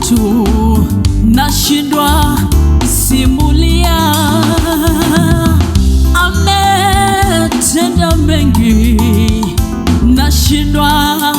tu nashindwa simulia, ametenda mengi nashindwa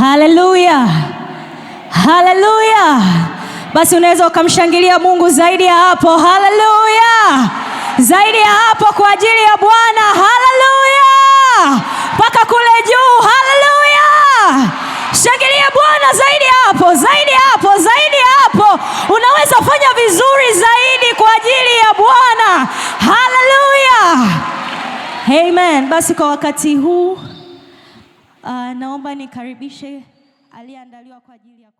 Haleluya, haleluya! Basi unaweza ukamshangilia Mungu zaidi ya hapo. Haleluya, zaidi ya hapo kwa ajili ya Bwana. Haleluya, mpaka kule juu. Haleluya, shangilia Bwana zaidi ya hapo, zaidi ya hapo, zaidi ya hapo. Unaweza fanya vizuri zaidi kwa ajili ya Bwana. Haleluya, amen. Basi kwa wakati huu Uh, naomba nikaribishe aliyeandaliwa kwa ajili ya